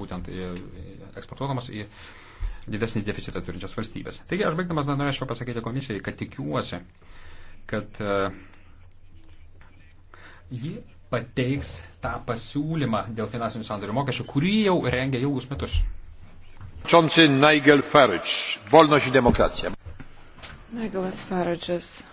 būtent eksportuodamas į didesnį deficitą turinčias valstybės. Taigi aš baigdamas dar norėčiau pasakyti komisijai, kad tikiuosi, kad e, ji pateiks tą pasiūlymą dėl finansinių sandorių mokesčių, kurį jau rengia ilgus metus. Čiomsi Nigel Farage, Volnoši demokracija. Nigelas Faradžas,